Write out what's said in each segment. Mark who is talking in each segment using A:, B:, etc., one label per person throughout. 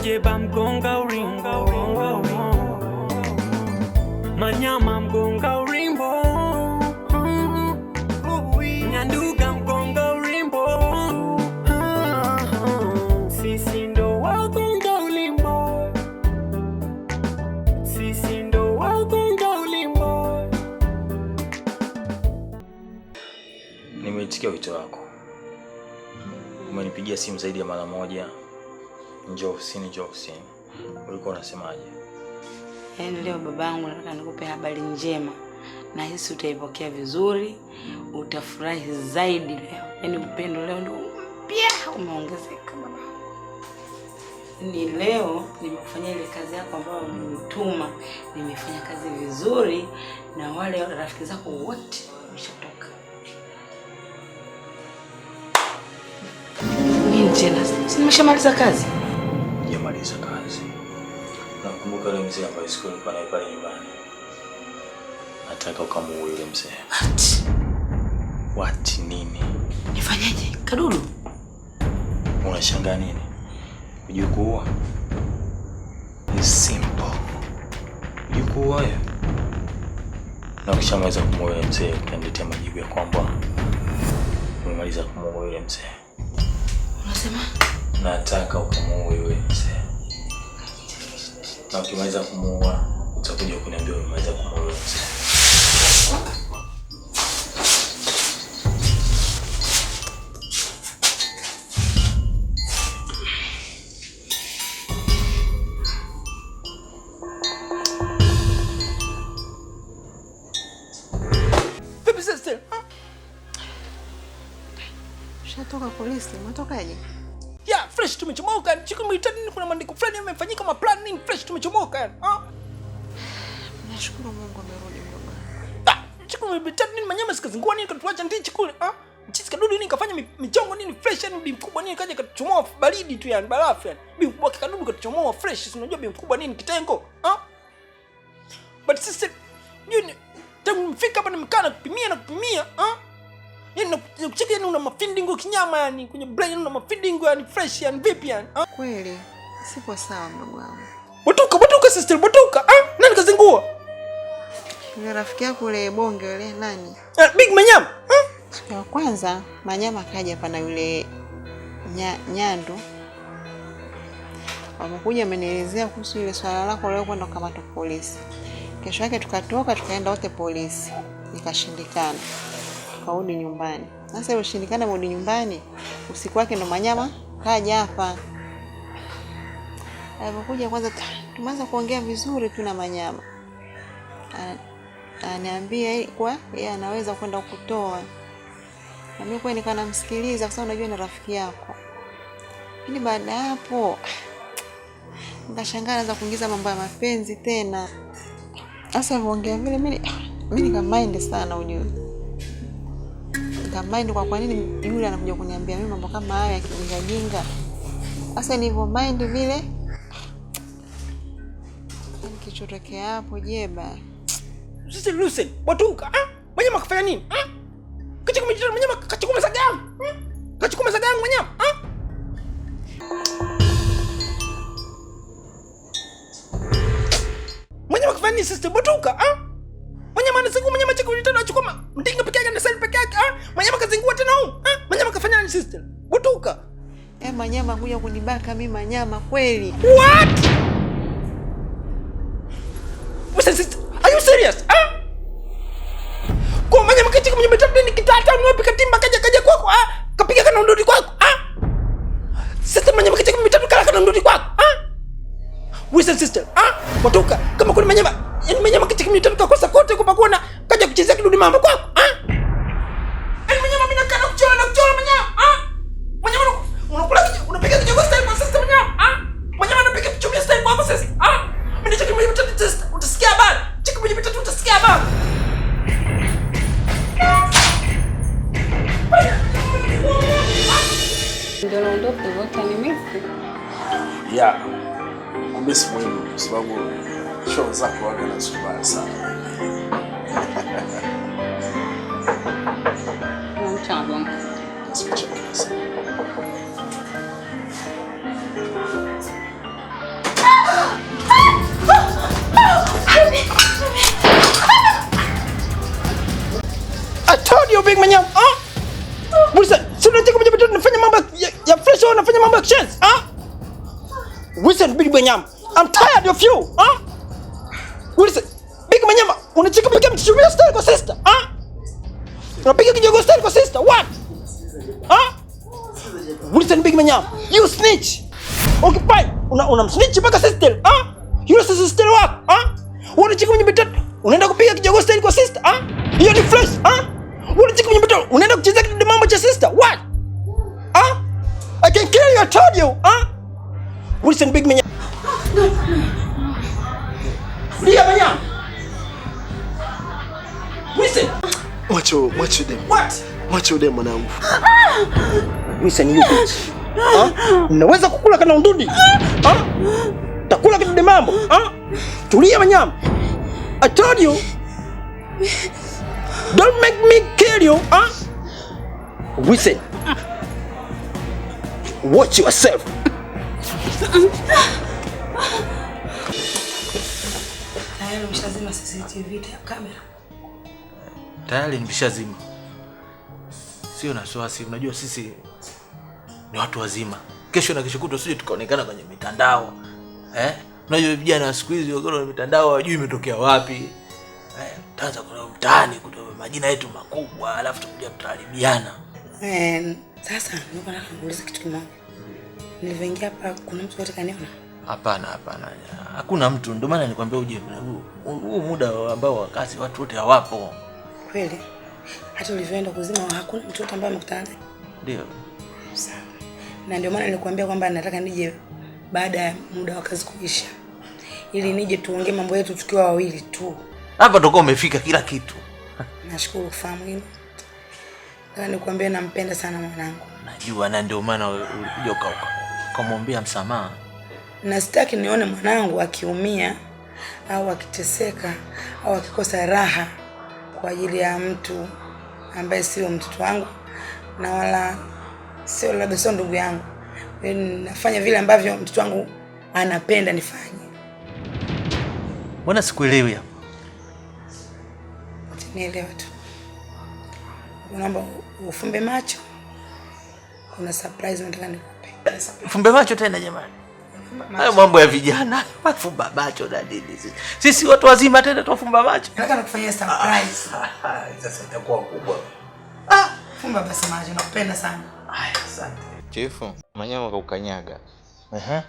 A: Aje bamgonga uringa uringa Manyama mgonga urimbo Nyanduga mgonga urimbo Sisi ndo wagonga ulimbo Sisi ndo wagonga ulimbo Nimeitikia wito wako. Umenipigia simu zaidi ya mara moja Njoo ofisini, njoo ofisini. Ulikuwa unasemaje?
B: Yaani leo babangu, nataka nikupe habari njema, na hisi utaipokea vizuri, utafurahi zaidi leo. Yaani upendo leo ndio pia umeongezeka Ni leo nimefanya ile kazi yako ambayo umenituma, nimefanya kazi vizuri na wale rafiki zako wote wameshatoka. Nini tena? Nimeshamaliza kazi
A: kumbuka yule mzee ambaye siku nilikuwa naye pale nyumbani. Nataka ukamuue yule mzee. Ati. What nini?
B: Nifanyaje? Kadudu.
A: Unashangaa nini? Unajua It's simple. Unajua ya? Eh? Na ukishamaliza kumuua yule mzee, utaniletea majibu ya kwamba umemaliza kumuua yule mzee. Unasema? Nataka ukamuue yule mzee na ukiweza kumuua utakuja kuniambia umemaliza.
B: wangu amerudi mdogo.
C: Ah, chiku umebetat nini manyama sikazingua nini katuacha ndichi kule? Ah, chizi kadudu nini kafanya michongo nini fresh yani bi mkubwa nini kaja katuchomoa baridi tu yani barafu yani. Bi mkubwa kikadudu katuchomoa fresh, si unajua bi mkubwa nini kitengo? Ah. But sisi yuni tangu mfika hapa nimekaa na kupimia na kupimia, ah. Yaani nakucheka yani una mafindingo kinyama yani kwenye brain una mafindingo yani fresh yani vipi yani? Ah.
B: Kweli. Sipo sawa mdogo wangu.
C: Botoka, botoka sister, botoka. Ah, nani kazingua?
B: Yule rafiki yako yule bonge yule nani?
C: Uh, Big Manyama. Huh? Hmm?
B: Siku ya kwanza Manyama kaja hapa na yule nya, Nyandu. Wamekuja amenielezea kuhusu ile swala lako leo kwenda kukamata polisi. Kesho yake tukatoka tukaenda wote polisi. Nikashindikana. Kaudi nyumbani. Sasa ile shindikana mudi nyumbani, usiku wake ndo Manyama kaja hapa. Alipokuja kwanza tumeanza kuongea vizuri tu na Manyama aniambie kwa yeye anaweza kwenda kutoa, na mimi kwa nikanamsikiliza, kwa sababu najua ni rafiki yako. Lakini baada hapo nikashangaa anaanza kuingiza mambo ya mapenzi tena. Sasa aliongea vile, mimi mimi nikamind sana, ujue nikamind kwa kwa nini yule anakuja kuniambia mimi mambo kama haya ya kijinga jinga. Sasa nilivyo mind vile nikichotokea yaani hapo jeba
C: sisi Lucy, Botunka, ah? Mwenye kafanya nini? Ah? Kachukua mjira mwenye kachukua msaga gang. Ah? Kachukua msaga yangu mwenye. Ah? Mwenye kafanya nini sisi Botunka? Ah? Mwenye maana singu mwenye machiko nitano achukua mtinga peke yake na sel peke yake. Ah? Mwenye kazingua tena huu. Ah? Mwenye kafanya nini sisi? Botunka.
B: Eh, manyama nguya kunibaka mimi manyama kweli.
C: What? potoka. Kama kuna manyama, yani manyama kiti kimi tatu kakosa kote kwa kuona kaja kuchezea kidudu mambo kwako. Ah? Yani manyama mimi nakana na Big mwenyewe ah? Wilson, si unataka kuja mtoto nafanya mambo ya, ya fresh au nafanya mambo ya chance ah? Wilson Big mwenyewe, I'm tired of you ah? Wilson Big mwenyewe, unachika piga mchuchumia style kwa sister ah? Unapiga kijogo style kwa sister what? Ah? Wilson Big mwenyewe, you snitch. Okay fine. Una una snitch mpaka sister ah? Yule sasa sister wako ah? Unachika mwenyewe unaenda kupiga kijogo style kwa sister ah? Hiyo ni fresh ah? unajiki kwenye mtoto unaenda kucheza kitu mambo cha sister what ah i can kill you i told you ah Wilson big menya Lia menya Wilson
A: macho macho dem what macho dem mwanangu
C: Wilson you bitch ah unaweza kukula kana undudi ah takula kitu mambo ah tulia menya i told you Don't make me kill you, huh? Listen. Watch yourself.
B: Tayari umeshazima CCTV kamera?
A: Tayari nimeshazima. Sio na wasiwasi, unajua sisi ni watu wazima. Kesho na kesho kutwa sije tukaonekana kwenye mitandao. Eh? Unajua vijana siku hizi wako na mitandao hawajui imetokea wapi. Eh, utaanza kuna mtaani kutoka majina yetu makubwa, alafu tukuja tutaharibiana.
B: Eh, sasa niko na kuuliza kitu kimoja. Nilivyoingia hapa kuna mtu yote kaniona?
A: Hapana, hapana. Hakuna mtu. Ndio maana nikwambia uje huu huu muda ambao wakati watu wote hawapo.
B: Kweli? Hata ulivyoenda kuzima hakuna mtu yote ambaye amekutana naye? Ndio. Sawa. Na ndio maana nilikwambia kwamba nataka nije baada ya muda wa kazi kuisha. Ili ah. nije tuongee mambo yetu tukiwa wawili tu.
A: Hapa tutakuwa umefika kila kitu.
B: Nashukuru kufahamu hilo. nikwambia nampenda sana mwanangu.
A: Najua na ndio maana ulikuja ukamwambia msamaha.
B: Na sitaki nione mwanangu akiumia au akiteseka au akikosa raha kwa ajili ya mtu ambaye sio mtoto wangu na wala sio labda sio ndugu yangu. Nafanya vile ambavyo mtoto wangu anapenda nifanye.
A: Mbona sikuelewi hapa?
B: nielewa tu. Unaomba ufumbe macho, kuna surprise nataka nikupe.
A: Ufumbe macho tena jamani, hayo mambo ya vijana wafumba macho na nini? Sisi watu wazima tena twafumba macho.
B: Nataka nikufanyia surprise.
A: Ah, ah, ah, sasa itakuwa kubwa.
B: Ah, fumba basi macho, nakupenda sana.
A: Haya, asante.
D: Chifu, manyama kaukanyaga. Ehe.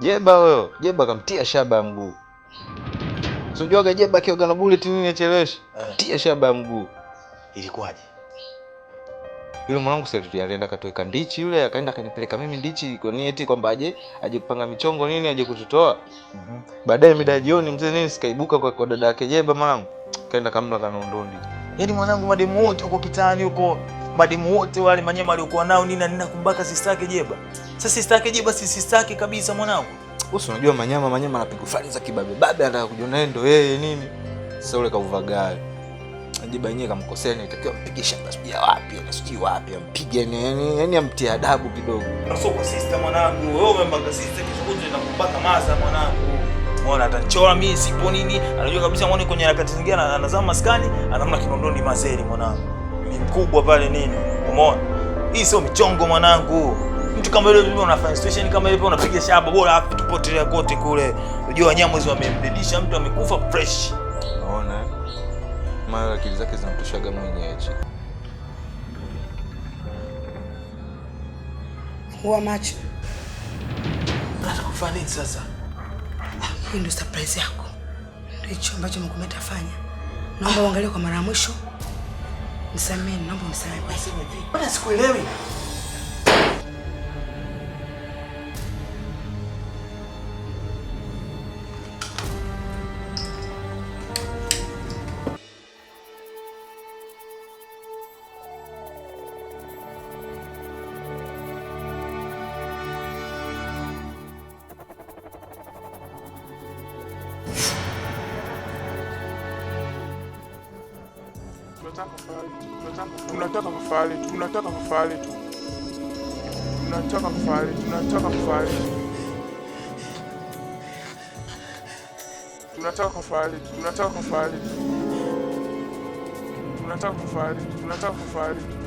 D: Jeba huyo, Jeba kamtia shaba mguu. Sijuaga je baki organo bullet nini achelewesha? Eh. Tia shaba ya mguu. Ilikuwaje? Yule mwanangu sasa tu alienda katoeka ndichi yule akaenda akanipeleka mimi ndichi kwa nini eti kwamba aje aje kupanga michongo nini aje kututoa. Mhm. Baadaye mida jioni mzee nini sikaibuka kwa kwa dada yake Jeba mwanangu. Kaenda kamla kanondoni.
C: Yaani mwanangu mademu wote huko kitaani huko mademu wote wale manyema waliokuwa nao nini na nina kumbaka sistaki Jeba. Sasa sistaki Jeba si sistaki kabisa mwanangu
D: usi unajua manyama manyama anapigwa fani za kibabe babe anataka kujiona yeye ndo yeye nini. Sasa ule kavuva gari. Ajiba yenyewe kamkosea inatakiwa mpige shamba sijui wapi na sijui wapi ampige yani yani amtie adabu kidogo.
C: Sasa kwa sister mwanangu wewe umembaka sister na kupata maza mwanangu. Mwana atachoa mimi sipo nini. Anajua kabisa mwana kwenye harakati zingine anazama maskani anamla Kinondoni mazeri mwanangu. Ni mkubwa pale nini? Umeona? Hii sio michongo mwanangu mtu kama yule yule, unafanya station kama ile, unapiga shaba bora, afu tupotelea kote kule. Unajua Nyamwezi wamemdedisha mtu, amekufa fresh.
D: Unaona, mara akili zake zinamtoshaga mwenyewe chini.
B: Huwa macho
A: kufanya nini sasa?
B: Ah, hii ndio surprise yako, ndio hicho ambacho nimekumeta fanya. Naomba uangalie kwa mara ya mwisho, nisamehe, naomba nisamehe.
A: Sikuelewi. tunataka kufariki, tunataka kufariki, tunataka kufariki, tunataka
B: kufariki, tunataka kufariki, tunataka kufariki, tunataka kufariki, tunataka kufariki.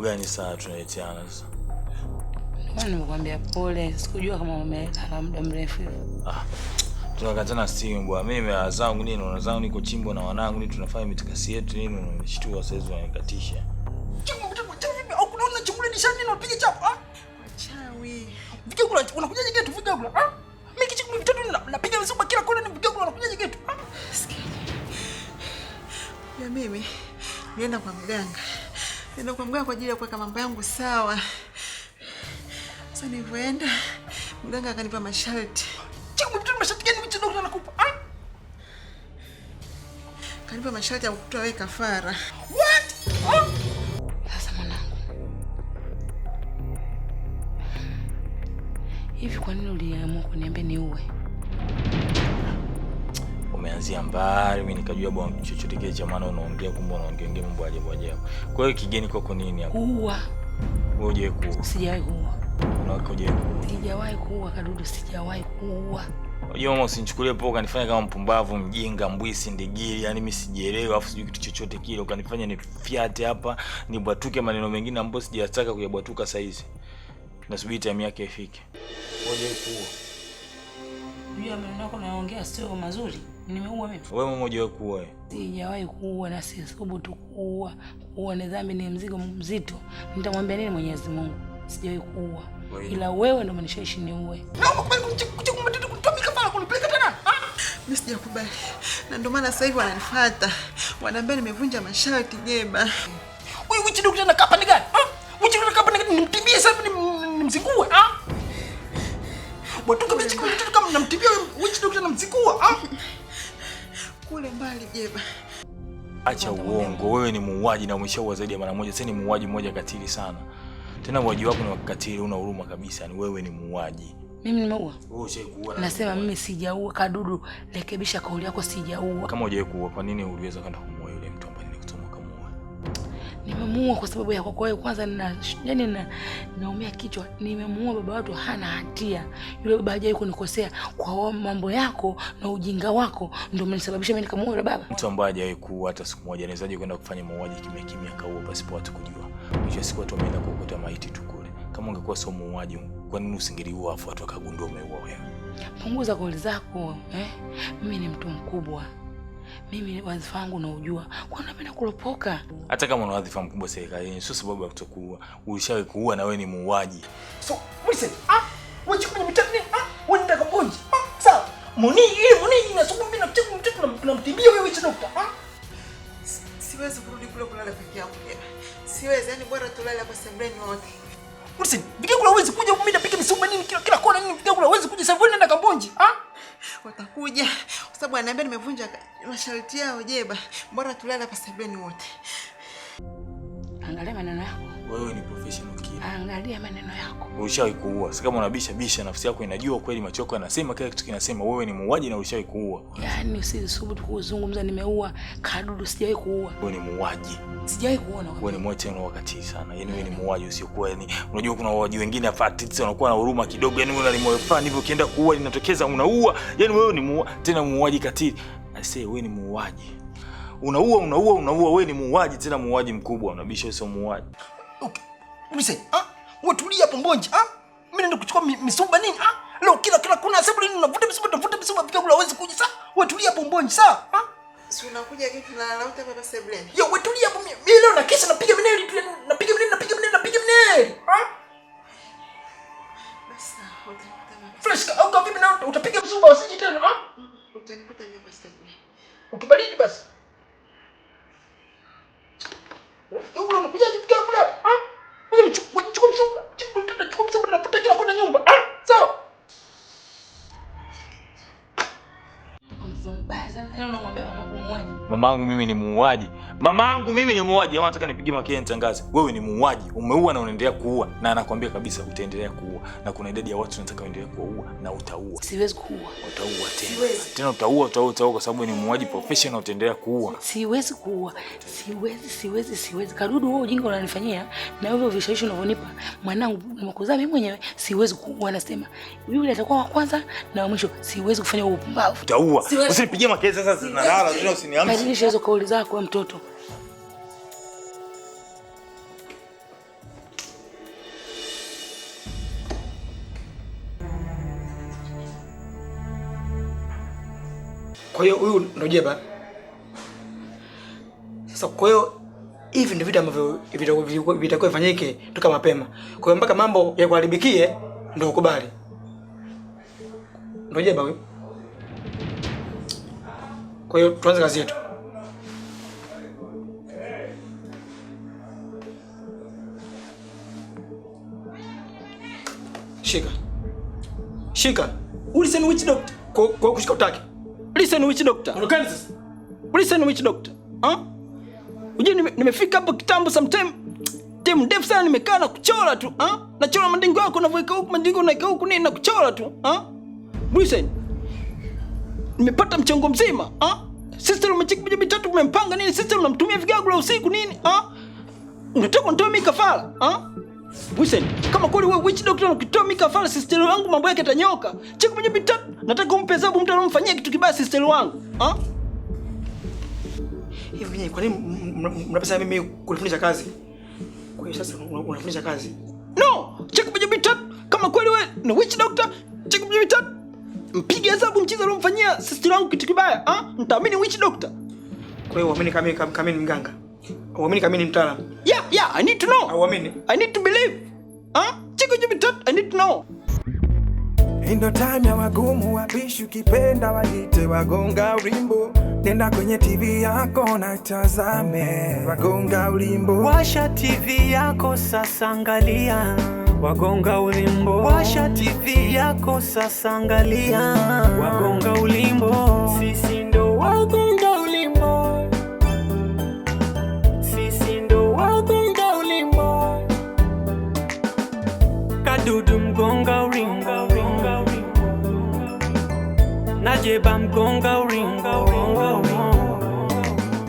A: mambo gani sana tunaletiana sasa?
B: Nimekwambia pole, sikujua kama umelala muda mrefu hivyo.
A: Ah, tunakatana simu bwana. Mimi mea zangu nini, na zangu niko chimbo na wanangu nini, tunafanya mitikasi yetu nini, unanishtua sasa hizo unanikatisha.
C: Ah? Ah? Ah?
B: Mimi nienda kwa mganga Nenda kwa mganga kwa ajili ya kuweka mambo yangu sawa. Sasa nilivyoenda mganga akanipa masharti.
C: Masharti gani mtu daktari anakupa? Ah?
B: Kanipa masharti ya kukutoa wewe kafara.
C: What? Oh.
B: Sasa mwanangu. Hivi kwa nini uliamua kuniambia niue?
A: nimeanzia mbali, mimi nikajua bwana chochote kile cha maana unaongea, kumbe unaongea ongea mambo ajabu ajabu. Kwa hiyo kigeni kwako nini hapo? Kuua. Wewe hujawahi kuua?
B: Sijawahi kuua.
A: Unawaka hujawahi kuua?
B: Sijawahi kuua kadudu, sijawahi kuua.
A: Unajua mama, usinichukulie poa kanifanya kama mpumbavu, mjinga, mbwisi, ndigiri, yani mimi sijielewi, afu sijui kitu chochote kile, ukanifanya nifiate hapa, nibwatuke maneno mengine ambayo sijataka kuyabwatuka saa hizi. Nasubiri time yake ifike. Hujawahi kuua.
B: Unajua maneno yako naongea sio mazuri. Nimeua mimi.
A: Wewe mmoja kuua.
B: Sijawahi kuua na si kuua. Kuua ni dhambi, ni mzigo mzito. Nitamwambia nini Mwenyezi Mungu? Sijawahi kuua. Ila wewe ndio mnishaishi ni uwe. sijakubali. Na ndio maana sasa hivi wananifuata. Wanaambia nimevunja masharti jeba.
C: Wewe uchi dokta na kapa ni gani? Ah! Uchi dokta kapa ni gani? Nimtimbie sasa nimzingue, ah? Botoka mtoto kama namtibia namzikua. Ah.
B: Kule mbali jeba.
A: Acha uongo, wewe ni muuaji na umeshaua zaidi ya mara moja. Sasa ni muuaji mmoja katili sana. Tena uaji wako ni wakatili, una huruma kabisa. Ni wewe ni muuaji. Mimi nimeua? Wewe ushaikuua.
B: Nasema mimi sijaua, Kadudu, rekebisha kauli yako sijaua.
A: Kama hujawahi kuua, kwa nini uliweza kwenda kumuua yule mtu?
B: nimemuua kwa sababu ya kwako wewe. kwanza nina yani na naumia kichwa, nimemuua baba watu, hana hatia yule baba, hajawahi kunikosea. Kwa mambo yako na ujinga wako ndio umenisababisha mimi nikamuua yule baba.
A: Mtu ambaye hajawahi kuua hata siku moja anawezaje kwenda kufanya mauaji kimya kimya, kaua pasipo watu kujua? Mwisho siku watu wameenda kukuta maiti tu kule. Kama ungekuwa sio muuaji, kwa nini usingeliua afu watu wakagundua umeua wewe?
B: Punguza kauli zako eh, mimi ni mtu mkubwa mimi wadhifa wangu naujua, kwani napenda kulopoka.
A: Hata kama una wadhifa mkubwa serikalini, sio sababu ya kutokuua. Ulishawe kuua na wewe ni muuaji.
C: So listen, ah, ah, wewe kwenye ni ah, wewe ndio ah, sawa muni ile eh, muni ina sababu mimi na mtibu na mtibia wewe hicho dokta ah.
B: Siwezi kurudi kule kulala peke yangu siwezi. Yani bora tulala kwa sebuleni wote.
C: Listen, piga kula uwezi kuja mimi napika misumba nini kila kila kona nini piga kula uwezi kuja sasa wewe nenda kaponji ah,
B: watakuja sababu anaambia nimevunja masharti yao. Jeba, bora tulala hapa sebuleni wote. Angalia maneno yako.
A: Wewe ni professional
B: makini. Angalia maneno yako.
A: Ulishawahi kuua. Si kama unabisha bisha nafsi yako inajua kweli macho yako yanasema kila kitu kinasema wewe ni muuaji na ulishawahi kuua.
B: Yaani usisubutu kuzungumza nimeua kadudu sijawahi kuua.
A: Wewe ni muuaji.
B: Sijawahi kuona.
A: Wewe ni mwache una wakati sana. Yaani wewe ni muuaji usiokuwa yani unajua kuna wauaji wengine hapa atitsi wanakuwa na huruma kidogo Yaani wewe una limoyo fulani hivyo ukienda kuua linatokeza unaua. Yaani wewe ni muua tena muuaji katili. I say wewe ni muuaji. Unaua unaua unaua wewe ni muuaji tena muuaji mkubwa unabisha sio muuaji.
C: Okay. Mse, ah? Watulia hapo mbonje, ah? Mimi naenda kuchukua misumba nini, ah? Leo kila kila kuna sababu nini unavuta misumba, unavuta misumba pika kula hawezi kuja saa. Watulia hapo mbonje, saa, ah?
B: Si unakuja kitu na lauta hapa sebleni.
C: Yo, watulia hapo mimi leo na kesha napiga mineli, napiga mineli, napiga mineli, napiga mineli. Ah? Basi, fresh ka au vipi na utapiga msuba usije tena, ah?
B: Utanikuta nyumba sebuleni.
C: Ukibaridi basi. Yo, unakuja kitu kula, ah?
A: Mamangu mimi ni muuaji mama Mamangu mimi ni muuaji, jamaa anataka nipige makia nitangaze. Wewe ni muuaji, umeua na unaendelea kuua na anakuambia kabisa utaendelea kuua na kuna idadi ya watu wanataka waendelee kuua na utaua.
B: Siwezi kuua.
A: Utaua tena. Tena utaua, utaua, utaua kwa sababu ni muuaji professional utaendelea kuua.
B: Siwezi kuua. Siwezi, siwezi, siwezi. Karudi wewe ujinga unanifanyia na wewe vishawishi unavyonipa. Mwanangu nimekuzaa mimi mwenyewe, siwezi kuua nasema. Yule atakuwa wa kwanza na wa mwisho. Siwezi kufanya huo upumbavu.
A: Utaua. Usinipigie makia sasa, zinalala, usiniamshe.
B: Badilisha hizo kauli zako mtoto.
C: Kwa hiyo huyu ndo Jeba. Sasa kwa hiyo hivi ndio vitu ambavyo vitakuwa vifanyike toka mapema. Kwa hiyo mpaka mambo ya kuharibikie ndio ukubali. Ndio Jeba huyu. Kwa hiyo tuanze kazi yetu. Shika. Shika. Ulisema witch doctor? Kwa kushika utaki and witch doctor?
A: Unakani sasa?
C: Listen doctor? Huh? Unajua nime, nimefika kitambo sometime time ndefu sana nimekaa na kuchora tu, huh? Nachora mandingo yako unaweka huku mandingo unaweka huku nini na kuchora tu, huh? Listen. Nimepata mchongo mzima, huh? Sister umecheki mja mitatu umempanga nini? Sister unamtumia vigago usiku nini? Huh? Unataka kunitoa mimi kafara, huh? Wisen, kama kweli wewe witch doctor na ukitoa mika fala sister wangu mambo yake yatanyoka. Cheki mwenye bitatu. Nataka umpe adhabu mtu alomfanyia kitu kibaya sister wangu. Ah? Hivi nyinyi kwa nini mnapesa mimi kulifundisha kazi? Kwa hiyo sasa unafundisha kazi. No! Cheki mwenye bitatu. Kama kweli wewe ni witch doctor, cheki mwenye bitatu. Mpige adhabu mchiza alomfanyia sister wangu kitu kibaya. Ah? Mtaamini witch doctor? Kwa hiyo uamini kama mimi kama mganga. Uamini kama mimi ni mtaalamu. Yeah, yeah, I need to know. Uamini. I need to believe. chiku Chiko jibitat, I need to know. Indo time ya wagumu wabishi kipenda wajite wagonga ulimbo. Nenda kwenye TV yako na tazame wagonga ulimbo. Washa TV yako sasa angalia. Wagonga ulimbo. Washa TV yako sasa angalia. Wagonga ulimbo. Sisi ndo wagonga dudu mgonga uringa, naje ba mgonga uringa